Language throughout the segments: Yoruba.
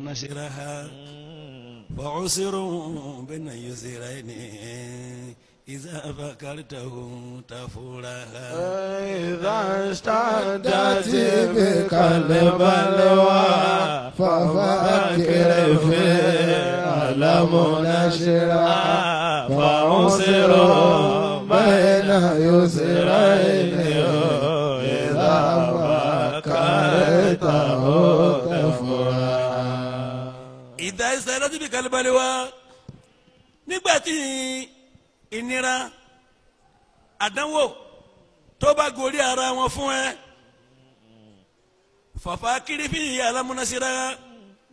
نشرها وعسروا بين يسرين إذا فكرته تفورها إذا اشتدت بك البلوى ففكر في ألم نشرها فعسروا بين يسرين àìsàn ẹlọ́dúnbí kálíbalẹ̀ wa nígbà tí ìnira àdánwò tó bá gorí ara wọn fún ẹ fàfà kirifi alámúnásíra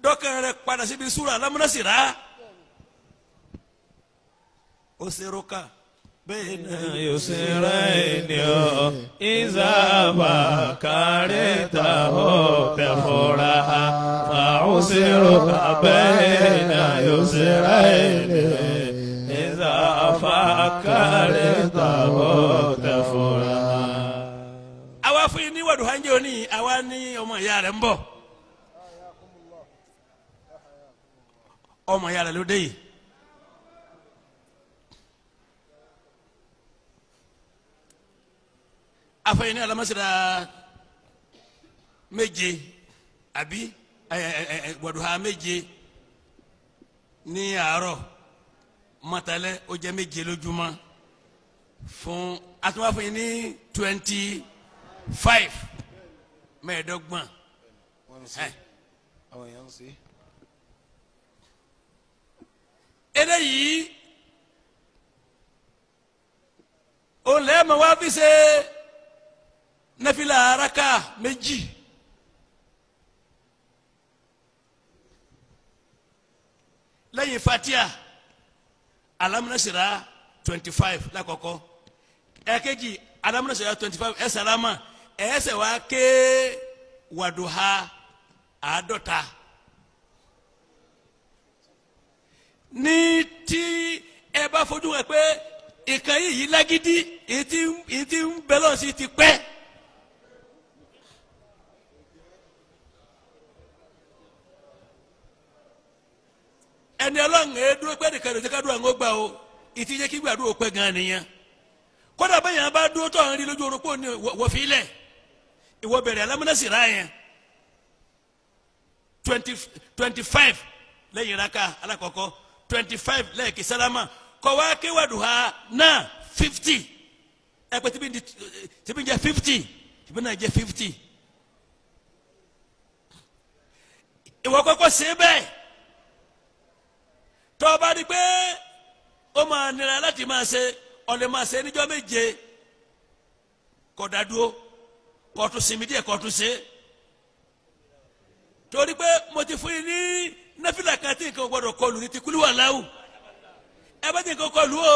dọ́kàn rẹ padà síbi súra alámúnásíra ó ṣe roka bẹ́ẹ̀ni yòsìnrẹ́ ènìyàn ìzàbà kárẹ́ta ó tẹ̀ fọ́ra. عسرها بين يسرين إذا فكر طهوت فرا àwa fún yín ní wàdùhà ń jẹ́ òní àwa ní alamasira méje abi gbọ̀dọ̀há méje ní àárọ̀ mọ̀tálẹ́ ó jẹ́ méje lójúmọ́ fún atúmọ̀fún yìí ní twenty five mẹ́ẹ̀ẹ́dọ́gbọ̀n. eléyìí òun lẹ́ẹ̀mọ̀ wá fi ṣe nafila araka meji. lẹ́yìn fatia alamunasira twenty five lákọ̀ọ́kọ́ ẹ̀kejì alamunasira twenty five ẹ salama ẹsẹ̀ wa ké wàdùhà àádọ́ta ní tí ẹ bá fojú hàn pé ìkànnì yìí lágídí ìtì ń bẹ́lọ̀ sí ti pẹ́. ẹni ọlọ́run ẹ dúró pé nìkan ló ti ká dúró àwọn ọgbà o ìtì jẹ́ kí gbàdúrà ó pẹ́ gan nìyẹn kódà bẹ́ẹ̀ yẹn bá dúró tó àwọn rí lójú orúkọ ní wọ́fílẹ̀ ìwọ bẹ̀rẹ̀ alámúnásì rà yẹn twenty twenty five lẹ́yìn raka alakọ̀kọ́ twenty five lẹ́ẹ̀kì sálámà kọ̀wá kéwàdù ha náà fifty ẹ pé tìbí jẹ́ fifty tìbí náà jẹ́ fifty ìwọ kọ́kọ́ sí bẹ́ẹ̀. t'ọba bá rí pé ó máa nira láti máa ṣe ọ̀lẹ́ máa ṣe níjọ́ méje kọdadu o sinmi díẹ̀ kó ṣe torí pé mo ti fún yín ní náfìlà kan tí nǹkan ní ti kúlú wà láwù ẹ bá ti nǹkan o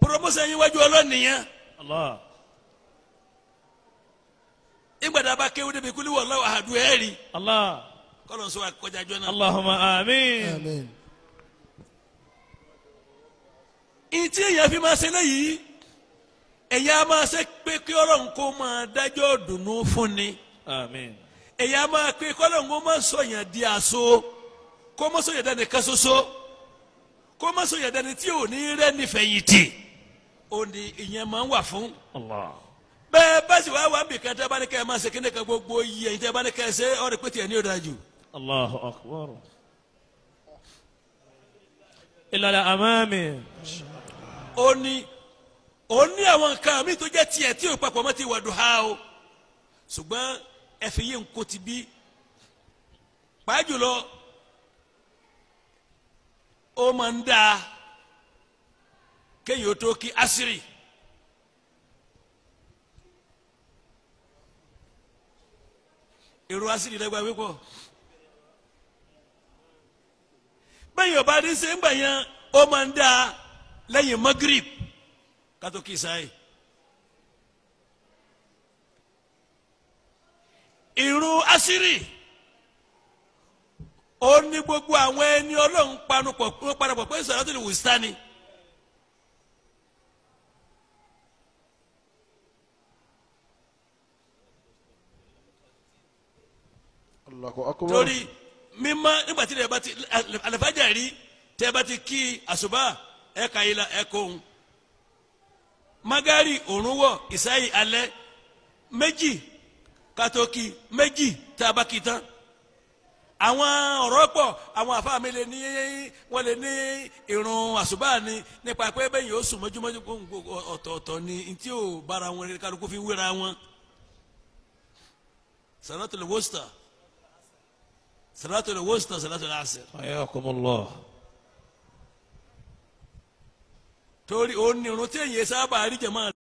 promotion yín wájú ọlọ́nìyàn ìgbàdàbà kéwú débi kúlú wà láwù àdúrà kọ́lọ̀ sọ wa kọjá jọ náà. Allahumma amin. ìtí èèyàn fi máa ṣe léyìí èèyàn máa ṣe pé kí ọlọ́run kó máa dájọ́ dùnú fún ni. Amin. èèyàn máa pé kí ọlọ́run kó máa sọ̀yàn di àṣọ kó máa sọ̀yàn dání kan ṣoṣo kó máa sọ̀yàn dání tí ò ní rẹ́ nífẹ̀yìntì òní ìyẹn máa ń wà fún. Allah bẹ́ẹ̀ bá sì wá wà mí kan tẹ́ bá ní kẹ́ ẹ máa ṣe kí ní kan gbogbo yìí ẹ̀yin tẹ́ bá ní kẹ́ ẹ ṣe ọ̀rẹ́ pété ẹ̀ ní ọ̀dájú. Allahu akbar ìlànà àmàmì. ó ní ó ní àwọn nǹkan mi tó jẹ́ tiẹ̀ tí ò papọ̀ mọ́ ti wà dùn ha o ṣùgbọ́n ẹ fi yé nǹkó ti bí pàájùlọ ó máa ń dáa kéèyàn tó kí asiri. èrò asiri lẹ́gbàá wípọ̀ bẹ́ẹ̀ yóò bá rí ṣe ń yẹn ó máa ń dá lẹ́yìn magrib kátó kì í sáyé. ìrun asiri ó ní gbogbo àwọn ẹni ọlọ́run panupọ̀ kúrò padàpọ̀ pé sàrátìlì wùsítánì. Allahu akbar. torí mímá nígbà tí àlàfáàjà rí tẹ́ ẹ bá ti kí àṣùbà ẹ kà yìí la ẹ kó òun magari òrùn wọ̀ ìsáyì alẹ́ méjì katoki méjì tá a bá kí tán àwọn ọ̀rọ̀ pọ̀ àwọn àfa mi lè ní wọ́n lè ní ìrun àṣùbà ni nípa pé bẹ́ẹ̀ yóò sùn mọ́júmọ́jú ọ̀tọ̀ọ̀tọ̀ ni ntí ò bára wọn kálukú fi wéra wọn sanatul wusta. صلاة الوسطى صلاة العصر حياكم الله torí òun ni òun téèyàn sábà rí jẹ̀mọ́